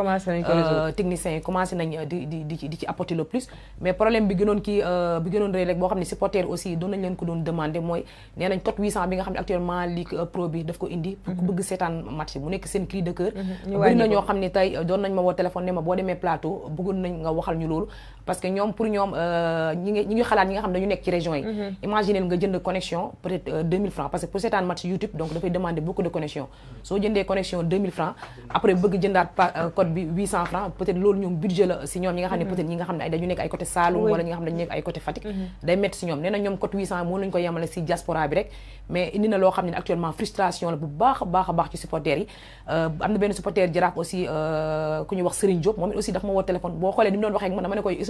techniciens yi commencé nañ euh, di di di ci di ci apporter le plus mais problème bi gënoon kii euh, bi gënoon rëy rek boo xam ne supporter aussi doon nañ leen ko doon demander mooy nee nañ code 800 bi nga xam ne actuellement Ligue euh, Pro bi daf ko indi pour ku mhm. bëgg seetaan match mu nekk seen cri de cœur mhm. bëri na ñoo xam ne tey doon nañ ma woo téléphone ne ma boo demee plateau bëggoon nañ nga waxal ñu loolu parce que ñom pour ñoom euh, ñi ñi ngi xalaat ñi nga xam dañu nek ci région yi mhm. imaginer nga jënd connexion peut être 2000 euh, francs parce que pour seetaan match YouTube donc da fay demander beaucoup de connexion so jëndé connexion 2000 francs après bëgg jëndaat euh, code bi 800 francs peut être lool ñom budget la si ñom ñi nga xam ne mhm. peut être ñi nga xam ne ay dañu nek ay côté Saloum wala ñi nga xam dañu nek ay côté Fatick mhm. day métti si ñom néna ñom code 800 mo lañ ko yemale ci diaspora bi rek mais indi na lo xam ne actuellement frustration la bu baax a baax baax ci supporters yi am na benn supporter jaraaf aussi euh ku ñu wax Serigne Diop moom aussi daf ma woo téléphone bo xolé ni doon waxee ak man dama ne koy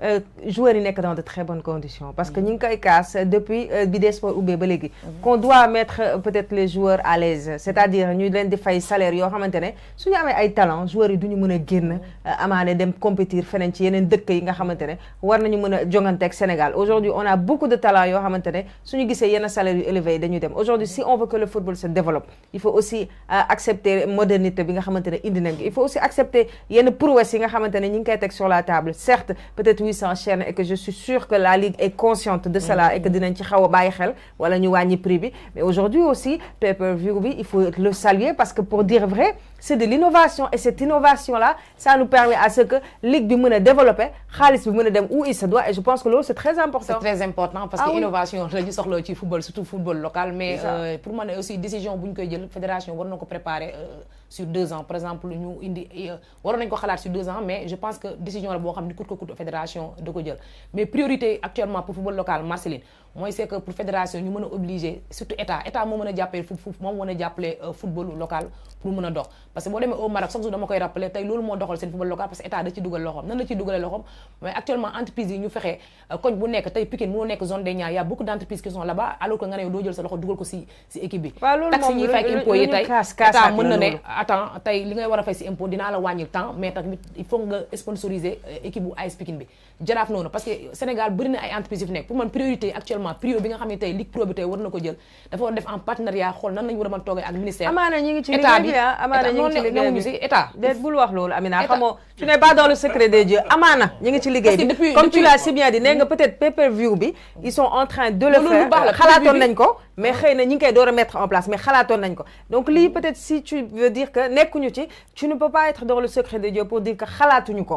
Euh, joueurs yi nekk dans de très bonnes conditions parce que nous, casse depuis euh, bi des ou qu'on doit mettre euh, peut-être les joueurs à l'aise c'est-à-dire ñu leen di fay salaire yoo xamante ne suñu amee ay talents joueurs yi duñu pas a génn dem compétir faire ci yeneen dëkk yi nga war nañu Sénégal aujourd'hui on a beaucoup de talents yoo xamante suñu gisee yenn salaire élevé aujourd'hui si on veut que le football se développe il faut aussi accepter modernité bi nga indi il faut aussi accepter les prouesses. yi nga xamante ne ñu sur la table certes peut-être s'enchaîne et que je suis sûre que la Ligue est consciente de cela et que mm-hmm. dinañ ci xaw baay xel wala ñu prix mais aujourd'hui aussi pay-per-view il faut le saluer parce que pour dire vrai c'est de l'innovation et cette innovation là ça nous permet à ce que ligue du monde développer développé bi où il se doit et je pense que l'eau c'est très important c'est très important parce que l'innovation ah la ñu sur ci football surtout football local mais euh, pour c'est aussi décision que la fédération war na préparer euh, sur deux ans par exemple nous indi euh, waroon nañu ko sur deux ans mais je pense que décision la décision xam coup coûte que la fédération de ko jël mais priorité actuellement pour football local Marceline mooy c'est que pour fédération ñu mën a obligé surtout état état moo mën a foot, fu moo euh, football local pour mën a dox parce que boo au Maroc chaque jour dama koy rappelé tey loolu moo doxal seen football local parce que état da ci dugal loxoom nan la ciy dugalee loxoom mais actuellement entreprise yi ñu fexe euh, koñ bu nekk nous Pikine zone des Il y a beaucoup d'entreprises qui sont là-bas alors que nga ne doo jël sa loxo dugal ko si si équipe bi taxe attends tay li ngay wara fay ci impôt dina la wàññil temps mais tamit il faut nga sponsoriser euh, équipe bu AS Pikine bi jaraaf non, parce que Sénégal bari na ay entreprises yu pour man priorité actuellement priorité bi nga xam tay ligue pro bi tay war na ko jël dafa def en partenariat xool nan lañu wara a mën ak ministère amana ñi ngi ci liggéey bi amaana ñi ngi ci liggéey bi ah, état déet bul wax lolu Amina xamo tu n'es pas dans le secret des dieux Amana, ñi ngi ci liggéey bi comme tu l'as si bien dit nee nga peut-être pay-per-view bi ils sont en train de le faire xalaatoon nañ ko mais xeyna ñi ngi koy door mettre en place mais xalaatoon nañ ko donc li peut-être si tu veux dire que tu ne peux pas être dans le secret de Dieu pour dire que mhm.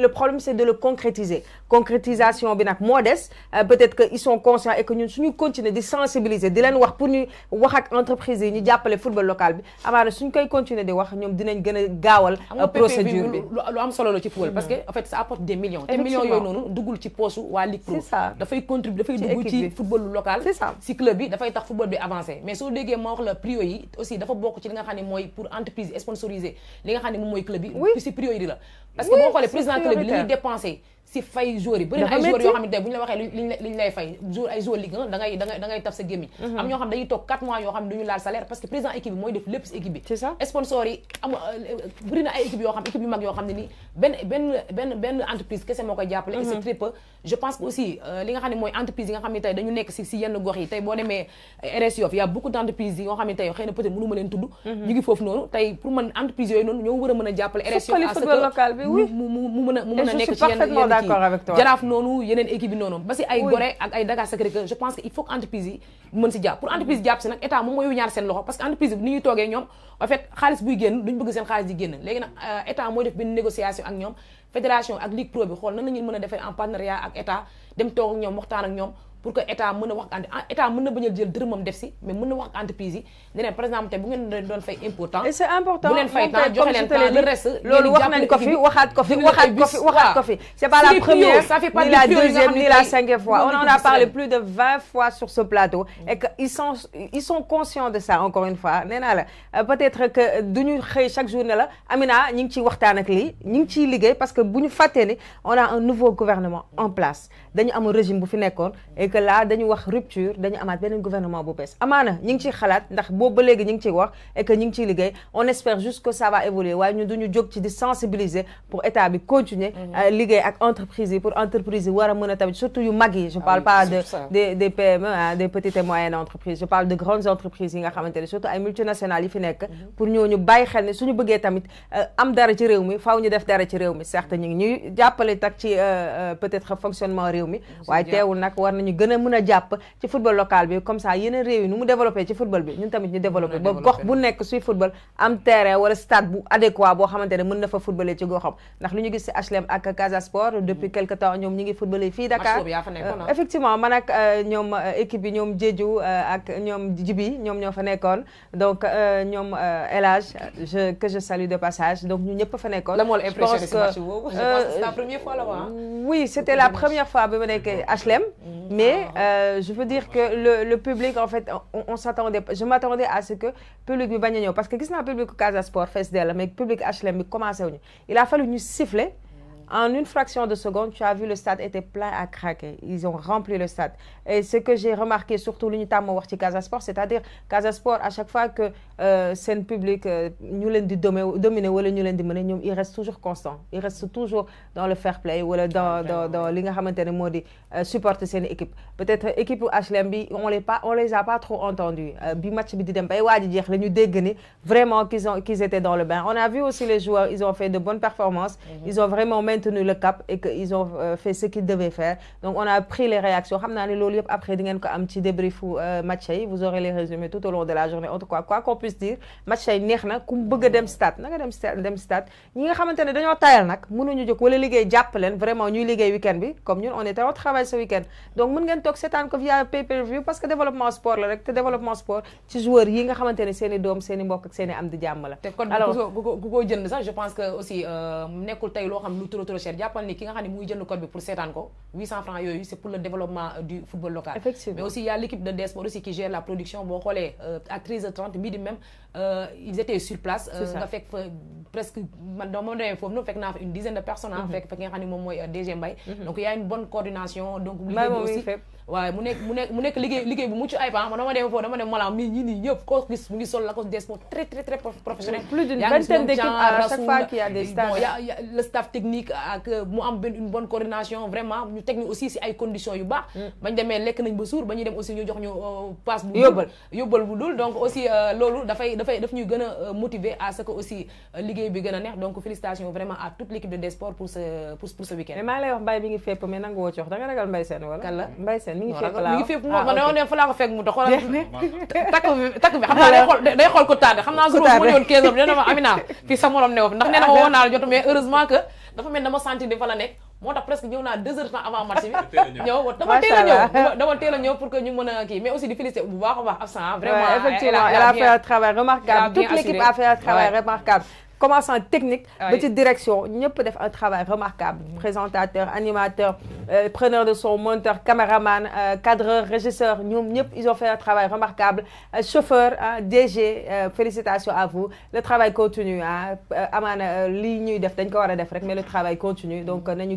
le problème c'est de le concrétiser concrétisation bi nak moo euh, peut-être que ils sont conscients et que ñun suñu continuer di sensibiliser di leen wax pour ñu wax ak entreprise yi ñu jàppale football local bi amaana suñ koy continuer di wax ñom dinañ gëna gawal euh, procédure bi lu am solo lo ci football parce que en fait ça apporte des millions et millions yoy nonu dugul ci poosu wa Ligue Pro fay contribuer fay dugul ci football local si club bi fay tax football bi avancer mais sur déggee ma wax le prio yi aussi dafa bokk ci li nga xamni moy pour entreprise sponsorisée li nga xamni ne moy club oui c'est priorité là parce que boo xolé président club yi li ñuy dépenser si fay jour yi bëri ay jour yo xam ne la waxee liñ lay fay jour ay joueurs ligue 1 da ngay da ngay taf sa gémmiñ mhm. am ñoo xam dañuy tok 4 mois yo xam duñu laal salaire parce que président équipe moy def lepp ci équipe bi c'est ça sponsor yi am euh, euh, bëri na ay équipe yo xam équipe yu mag yo xam ni ben ben ben benn entreprise kese moo jappalé et c'est mhm. trip je pense aussi euh, li nga xam moy entreprise yi nga xam tay dañu nekk ci si yenn gox yi tey boo demee RS Yoff y a beaucoup d'entreprises yo yi tay xeyna peut-être mënu ma leen tuddu mhm. ñu ngi fofu noonu tay pour man entreprise yooyu non ñoo war mëna jappalé a jàppale RS Yoff mu mën a mu mën mëna nekk ci yenn d'accord avec toi jaraaf noonu yeneen équipe yi noonu ba si ay Gorée ak ay Dakar Sacré-Cœur je pense que il faut que entreprise yi mën si jàpp pour entreprise jàpp si nag état moom mooy ñaar seen loxo parce que entreprise bi ni ñuy toogee ñoom en fait xaalis buy génn duñ bëgg seen xaalis di génn léegi nag euh, état mooy def benn négociation ak ñoom fédération ak ligue pro bi nan la ñuy mën a defee en partenariat ak état dem toog ñoom waxtaan ak ñoom pour que état mën wax ak ah, état mën bañal jël dërëmam def ci mais mën wax ak entreprise yi né né par exemple té bu ngeen doon fay important et c'est important bu len fay temps joxe len temps le reste lolu wax nañ ko fi waxat ko fi waxat ko fi waxat ko fi c'est pas la première ça fait pas ni la deuxième ni la cinquième fois on en a parlé plus de 20 fois sur ce plateau et que ils sont ils sont conscients de ça encore une fois né na la euh, peut-être que duñu xey chaque jour ne la Amina ñi ngi ciy waxtaan ak li ñi ngi ciy liggéey parce que buñu faté né on a un nouveau gouvernement en place dañu am un régime bu fi nekkoon que là dañu wax rupture dañu amat beneen gouvernement bu bees Amana, ñi ngi ciy xalaat ndax bo ba légui ñi ngi ciy wax et que ñi ngi ciy liggéey on espère juste que ça va évoluer Way ñu duñu jog ci di sensibiliser pour état bi continuer mhm. euh, liggéey ak entreprise pour entreprise wara mëna tamit surtout yu mag je ah parle pas de des des PME hein, des petites et moyennes entreprises je parle de grandes entreprises yi nga xamante surtout ay multinationales yi fi nekk mhm. pour ñoo ñu bàyyi xel ne suñu bëggee tamit euh, am dara ci réew mi faaw ñu def dara ci réew mi certes ñu ngi ñuy jàppale tak ci euh, peut-être fonctionnement réew mi waaye teewul nag war nañu gën gën mëna japp ci football local bi comme ça yeneen réew yi nu mu développé ci football bi ñun tamit ñu développé ba gox bu nekk suy football am terrain wala stade bu adéquat boo xamante ne mën na fa footballé ci goxam ndax lu ñu gis si HLM ak Casa Sport depuis quelque temps ñoom ñi ngi footballé fii Dakar ah. effectivement man ak euh, ñoom euh, équipe bi ñoom Diédhiou euh, ak ñoom Djibi ñoom ñoo fa nekkoon donc ñoom Elage je que je salue de passage donc ñu ñëpp fa nekkoon je pense que c'est la première fois la hein. oui c'était la première fois bi ma nekkee HLM mm-hmm. Euh, je veux dire que le, le public en fait on, on s'attendait je m'attendais à ce que public bi parce que quest parce que le naa public Casa Sport fees mais public HLM ça commencé il a fallu nous siffler en une fraction de seconde, tu as vu le stade était plein à craquer. Ils ont rempli le stade. Et ce que j'ai remarqué, surtout l'unité Mawarti sport c'est-à-dire sport à chaque fois que euh, scène publique, nous euh, dominer ou ils restent toujours constants. Ils restent toujours dans le fair play ou dans, dans, dans, euh, supporter cette équipe. Peut-être équipe HLMB, on les pas, on les a pas trop entendus. Euh, bi match bi dire vraiment qu'ils ont qu'ils étaient dans le bain. On a vu aussi les joueurs, ils ont fait de bonnes performances. Mhm. Ils ont vraiment mis maintenu le cap et qu'ils ont euh, fait ce qu'ils devaient faire. Donc, on a pris les réactions. Après, petit débrief euh, match vous aurez les résumés tout au long de la journée. En tout cas, quoi qu'on puisse dire, match est neex na ku bëgg dem stade na nga dem stade dem stade ñi nga xamante ne dañoo tayal nag mënuñu jóg wala liggéey jàpp leen vraiment ñuy liggéey week-end comme nous, on était au travail ce week-end. donc mën ngeen toog seetaan ko via pay-per-view parce que développement sport la rek développement sport ci joues, yi nga xamante ne seen i mbokk am di alors je pense que aussi euh, nekkul tey xam lu trop cher a ni ki nga xam muy jënd code pour seetaan ko 800 francs c'est pour le développement euh, du football local mais aussi il y a l'équipe de Desport aussi qui gère la production bon collègues euh, à 13h30 midi même euh, ils étaient sur place ça fait presque dans mon info, nous une dizaine de personnes avec ah. mm-hmm. fekk fekk nga xam ne DG mm-hmm. donc il y a une bonne coordination donc waaye mu nekk mu nekk mu nekk liggéey liggéey bu mucc ayib ah man dama dem foofu dama dem malam mi ñi nii ñëpp koo gis mu ngi sol la ko des moom très très très professionnel. plus d'une vingtaine d'équipes à chaque fois qu'il y a des stars. bon y a le staff technique ak euh, mu am benn une bonne coordination vraiment ñu teg ñu aussi si ay conditions yu baax. Mm. bañ demee lekk nañ ba suur ba ñuy dem aussi ñu jox ñu euh, passe bu yóbbal yóbbal bu dul donc aussi euh, loolu dafay dafay daf ñuy gën a motiver à ce que aussi liggéey bi gën a neex donc félicitations vraiment à toute l'équipe de DSports pour ce pour ce week-end. mais maa ngi lay wax Mbaye mi ngi fépp mais nangu woo ci wax da nga ragal mbay Sène wala. kan la Mbaye Sène mi ngi fépp ah, laa mi ma ne woon fekk mu dox xoolal takk bi takk bi xam naa day xool day xool ko tardé xam naa jour mu ñëwoon 15 heures nee na ma Amina fii sa morom newof ndax nee na ma ah, woo ah. naa la jot mais heureusement que dafa dama sentir di nekk moo tax presque ñëw naa deux heures temps avant match bi dama teel a pour que ñu mën a kii mais aussi di féliciter bu baax a baax absent vraiment travail remarquable commençant technique petite ci direction a fait un travail remarquable mm-hmm. présentateur animateur mm-hmm. euh, preneur de son monteur caméraman euh, cadreur régisseur ils ont fait un travail remarquable euh, chauffeur hein, DG félicitations à vous le travail continue hein. ah l'Igne, ñuy def dañ ko mais le travail continue donc mm-hmm. nañu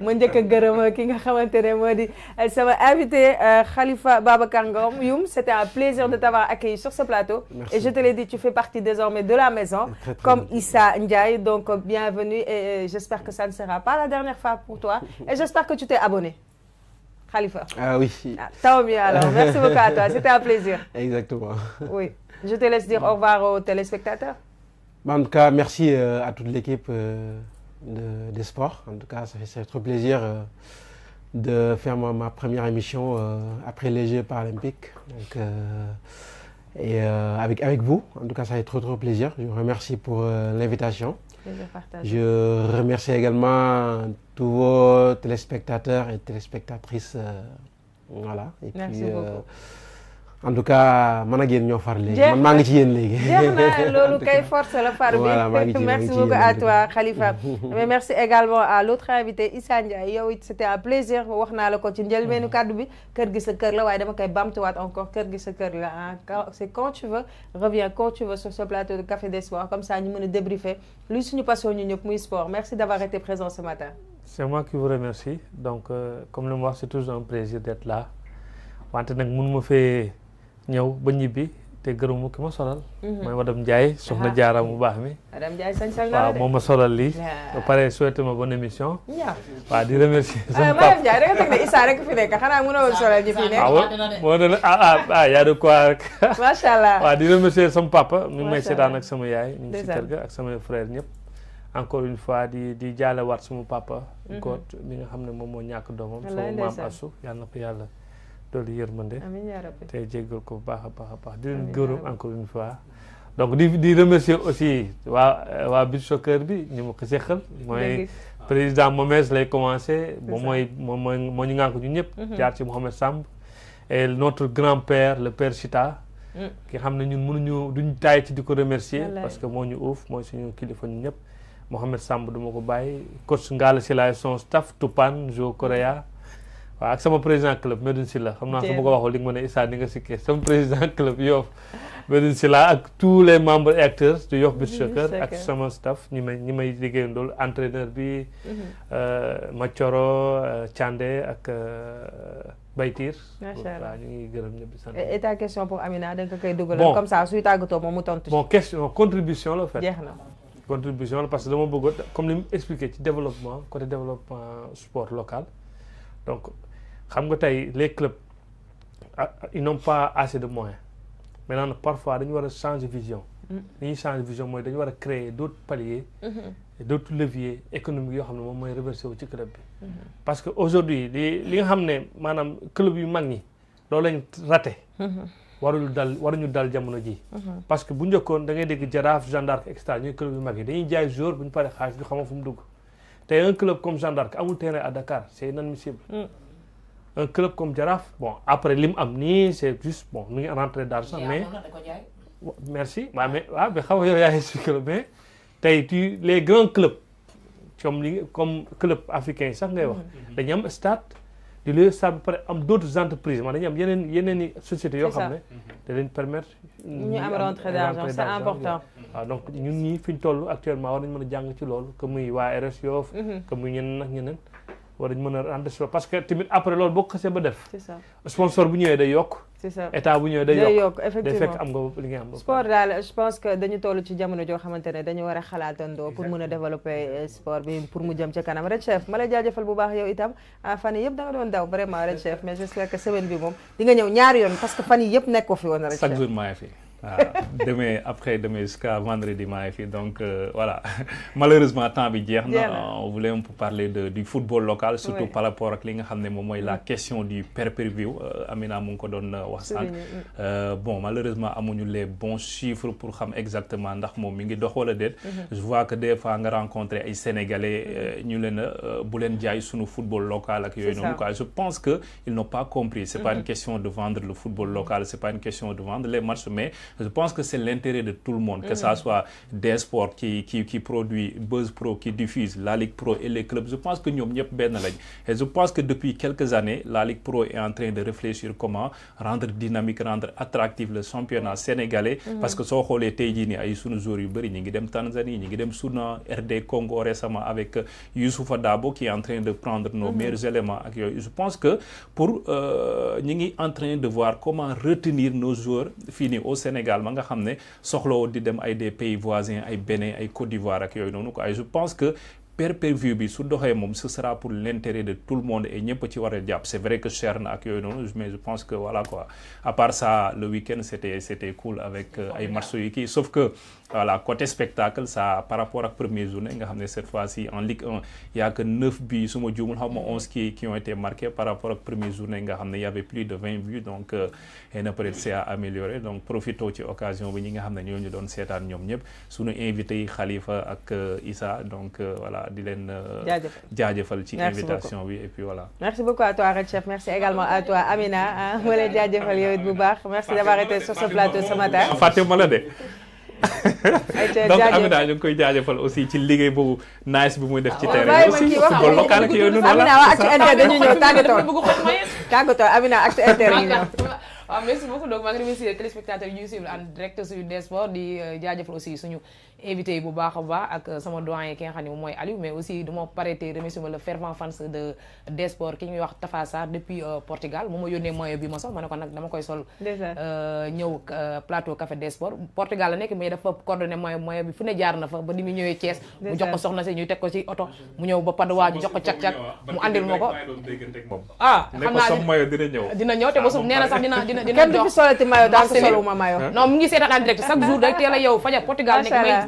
ma njëkk a gërëm ki nga xamante ne moo euh, sama invité euh, Khalifa Babacar Ngom Youm c' un plaisir de t'avoir accueilli sur ce plateau. et je te l'ai dit tu fais partie désormais de la maison. comme Issa Ndiaye donc euh, bienvenue et j'espère que ça ne sera pas la dernière fois pour toi et j'espère que tu t'es abonné. Khalifa. Ah oui. Ah, tant mieux alors. Merci beaucoup à toi. C'était un plaisir. Exactement. Oui. Je te laisse dire au revoir aux téléspectateurs. En tout cas, merci à toute l'équipe de, des sports. En tout cas, ça fait, ça trop plaisir euh, de faire ma, première émission euh, après les Jeux paralympiques. Euh, et avec, avec vous, en tout cas, ça fait trop, trop plaisir. Je vous remercie pour l'invitation. Je remercie également tous vos téléspectateurs et téléspectatrices. voilà. Merci beaucoup en tout cas je suis yéen ñoo far je man maa ci force le merci beaucoup à toi Khalifa mais merci également à l'autre invité Issa Ndiaye yow c'était un plaisir je naa la ko ci njëlbeenu mm. kàddu bi kër gi sa kër la waaye dama koy bamtuwaat encore kër gi sa kër la ah c'est quand tu veux reviens quand tu veux sur ce plateau de Café des soirs, comme ça ñu mën a débriefer luy suñu passion ñu ñëpp muy sport merci d'avoir été présent ce matin c'est moi qui vous remercie donc euh, comme le wax c'est toujours un plaisir d'être là wante nag mënuma fee ñëw ba ñibbi te gërëmu ki ma solal. Mhm. mooy madame Ndiaye soxna jaara mu baax mi. madame moom ma solal lii. ba pare souhaité ma émission. waaw di remercier. sama papa madame sama papa. mi may seetaan ak sama yaay. ñu ngi si kër ga ak sama frère ñëpp. encore une fois di di jaalewaat sama papa. Mhm. góor mi nga xam ne moom moo ñàkk doomam. sama maam Assou yàlla na yàlla. doolu yërmande te jéggal ko baax a baax a baax di leen encore une fois donc di di remercier aussi waa waa Beach Soccer bi ñu ma ko seqal mooy ah. président Momes lay commencé moom mooy moom mooy moo ñu ngaa ñu ñëpp mhm. jaar ci Mohamed Samb et notre grand le père Chita mm. ki xam ne ñun mënuñu duñ taay ci di ko remercier parce que moo ñu uuf mooy suñu kilifa ñu ñëpp Mohamed Samb du ko bàyyi coach Ngala Sylla son staff Toupane Jo Korea waaw ak sama président club Medoune Sylla xam naa su ko waxul li nga ma ne Issa di ak tous les membres et acteurs du Yoff Beach Soccer ak sama staff ñi may ñi may liggéeyandool entraîneur bi mhm. euh, Machoro euh, Thiandé ak euh, Baytiir waaw ngi gërëm ñëpp di sant et ta question pour Amina da nga koy dugal comme bon question contribution la fait jeex na contribution la parce que dama bëggoon comme li mu expliqué ci développement côté développement sport local donc xam nga tey les clubs ah, ah, ils n'ont pas assez de moyens maintenant parfois dañu war a changer vision mm. li ñuy changer vision mooy dañu war a créer d' autres paliers mm-hmm. d' autres leviers économiques yoo xam ne moom mooy reversé wu ci club bi mm-hmm. parce que aujourd'hui li li nga xam ne maanaam club yu mag ñi loolu lañ raté mm-hmm. waruñu dal waruñu dal jamono ji parce que bu njëkkoon da ngay dégg Jaraaf gendarme extra, et cetera ñooy club yu mag yi dañuy jaay joueur bu ñu paree xaalis ñu xamoo fu mu dugg te un club comme gendarme amul terrain à Dakar c' est inadmissible mm. un comme Jaraaf bon après lim am nii c' est juste bon mu ngi rentré d' argent mais merci waaw mais waaw mais xam nga yow yaay si tey tu les grands clubs comme li comme club africain sax ngay wax dañu am le stade ba am d' autres entreprises man dañu am yeneen yeneen i sociétés yoo xam ne da leen permettre ñu am rentrée d' donc ñun ñii fi ñu toll actuellement war mën a jàng ci loolu que muy waa RS Yoff que muy ñeneen ak ñeneen war nañ mën a parce que tamit après loolu boo xasee ba def. c'est ça sponsor bu ñëwee day yokk. c'est ça état bu ñëwee day yokk effectivement sport daal je pense que dañu toll ci jamono joo xamante ne dañu war a xalaatandoo. pour mën a développer euh, sport bi pour mu jëm ca kanam Red Chef ma lay bu baax yow itam ah, fan yii yëpp da nga doon daw vraiment Red Chef mais j'espère que semaine bi moom di ñëw ñaari yoon parce que fan yii yëpp nekk ko fi woon. Red chaque jour maa fi. Ah, demain après demain jusqu'à vendredi matin donc euh, voilà malheureusement temps bi non on voulait un parler du football local surtout par rapport à li la mm. question du per per view euh, Amina mu euh, mm. bon malheureusement amuñu les bons chiffres pour xam exactement ce que ngi mm-hmm. je vois que des fois a rencontré ay sénégalais mm-hmm. ñu leen a bu football local je pense qu'ils n'ont pas compris c'est pas une mm-hmm. question de vendre le football local c'est pas une question de vendre les matchs mais je pense que c'est l'intérêt de tout le monde, que ce mm. soit des sports qui, qui, qui, produit, Buzz Pro qui diffuse, la Ligue Pro et les clubs. Je pense que nous sommes Et je pense que depuis quelques années, la Ligue Pro est en train de réfléchir comment rendre dynamique, rendre attractif le championnat sénégalais. Mm-hmm. Parce que si on regarde les joueurs, nous sommes en Tanzanie, nous sommes en RD Congo récemment avec euh, Youssoufa Dabo qui est en train de prendre nos mm-hmm. meilleurs éléments. Je pense que pour, euh, on en train de voir comment retenir nos joueurs finis au Sénégal Sénégal des pays voisins Bénin Côte d'Ivoire je pense que ce sera pour l'intérêt de tout le monde et ci c'est vrai que cher mais je pense que voilà quoi à part ça le week-end c'était c'était cool avec euh, ay sauf que voilà côté spectacle ça par rapport la première journée nga xamné cette fois-ci en Ligue 1 il y a que 9 buts ce mois-ci, 11 qui ont été marqués par rapport la première journée nga xamné il y avait plus de 20 buts donc euh, et ne peut-être à améliorer donc profitoo ci occasion bi nga xamné ñoo ñu doon Nous ñom ñep invité Khalifa ak euh, Issa donc euh, voilà di len jaajëfal ci invitation bi et puis voilà merci beaucoup à toi Red Chef merci également à toi Amina hein. wala jaajëfal yow it bu baax merci d'avoir été sur ce plateau ce matin fàtte ma la donc Amina ñu ngi koy jaajëfal aussi ci liggéey boobu nice bi muy def ci ah, terrain yi aussi football local ak yooyu noonu voilà Amina waa actu inter dañuy ñëw tàggatoo tàggatoo Amina ñu ñëw waaw merci beaucoup donc maa ngi remercier téléspectateurs yi ñuy suivre en direct sur des sports di euh, suñu invité yi bu baax a baax ak sama doyen ki nga xam ne mooy Aliou mais aussi du ma parete remercier ma le fervent fans de des ki ñuy wax Tafa Sarr depuis Portugal moom ma yónnee moyen bi ma sol ma ne ko dama koy sol ñëw plateau café des sports Portugal la nekk mais dafa coordonné moyen moyen bi fu ne jaar na fa ba ni mu ñëwee Thiès mu jox ko soxna si ñuy teg ko ci oto mu ñëw ba paduwaa ji jox ko cak-cak mu andil ma ko ah xam naa dina ñëw te ba suuf nee sax dina dina dina jox kenn du fi solati mayo mayo non mu ngi seetaan en direct chaque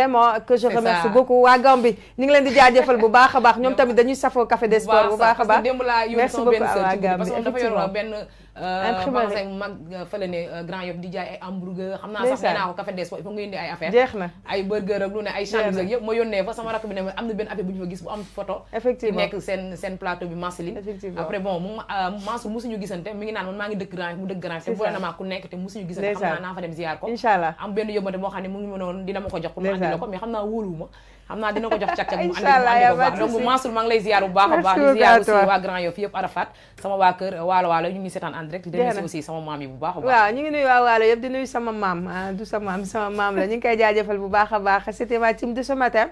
vraiment que je remercie beaucoup waa Gambie ñu ngi leen di jaajëfal bu baax a baax ñoom tamit dañuy safoo café des sports bu baax a baax merci beaucoup à waa Gambie imprimerie magasin mag fële ne euh, Grand Yoff di jaay ay hamburger xam naa sax nee ko café des il faut nga indi ay affaire jeex na ay burger lu ne ay sandwich ak yëpp ma yónnee fa sama rakk bi ne am na benn affaire bu ñu fa gis bu am photo nekk seen seen plateau bi Marceline effectivement après bon mu euh, Mansour musuñu gisante mi ngi naan maa ngi dëkk Grand Yoff mu dëkk Grand Yoff te boole na maa ku nekk te musuñu gisante xam naa naa fa dem ziar ko am benn yóbbante boo xam ne la ko xam naa dina ko jox càq càq mu andi ko baax donc Mansour maa ngi lay ziar bu baax a baax di ziar aussi waa Grand Yoff yëpp Arafat sama waa kër waalo waalo ñu ngi seetaan en direct di nuyu aussi sama maam yi bu baax a baax waaw ñu ngi nuyu waa waalo yëpp di nuyu sama maam ah, du sama maam sama maam la ñu ngi koy jaajëfal bu baax a baax c'était ma team de ce matin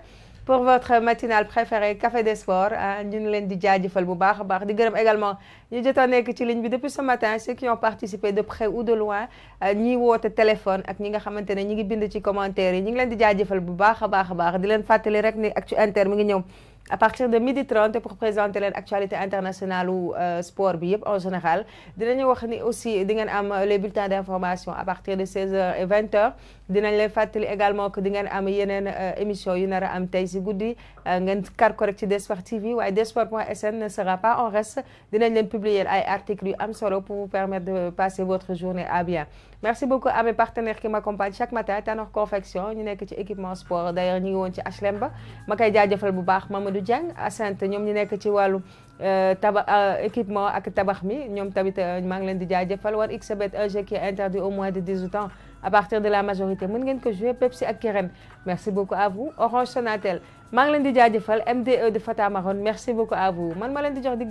pour votre matinale préférée Café des Sports hein, ñu ngi leen di jaajëfal bu baax baax di gërëm également ñu jot a ci ligne bi depuis ce matin ceux qui ont participé de près ou de loin euh, ñi woote téléphone ak ñi nga xamante ne ñi ngi bind ci commentaire yi ñu ngi leen di jaajëfal bu baax a baax di leen fàttali rek ni Actu Inter mi ngi ñëw à partir de 12 h 30 pour présenter l'actualité internationale ou euh, sport bi en général dinañu wax ni aussi di ngeen am euh, les bulletins d'information à partir de 16h et 20h dinañ leen fatali également que di ngeen am yeneen euh, émission yu nara am tay si goudi ngeen kar Desport TV waaye desport.sn ne sera pas en reste dinañ leen publier ay articles yu am solo pour vous permettre de passer votre journée à bien merci beaucoup à mes partenaires qui m'accompagnent chaque matin à Tanor confection ñu sommes ci équipement sport d'ailleurs nous ngi dans ci HLM ba ma koy jaajëfal bu baax Mamadou Dieng Assante sainte ñu nekk ci wàllu euh, tabax euh, équipement ak tabac mi ñoom tamit euh, maa ngi leen di war XBET un jeu qui est interdit au moins de 18 ans à partir de la majorité mën ngeen ko jouer Pepsi ak Kerem. merci beaucoup à vous Orange Sonatel maa ngi leen di MDE de Fatah Amaron, merci beaucoup à vous man ma leen di jox dig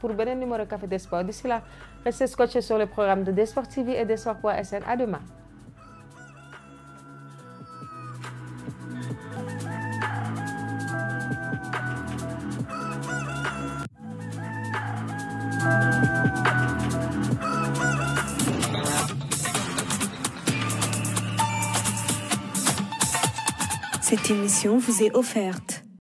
pour beneen numéro Café des Sports d'ici là restez scotchés sur le programme de Desport TV et SN. à demain Cette émission vous est offerte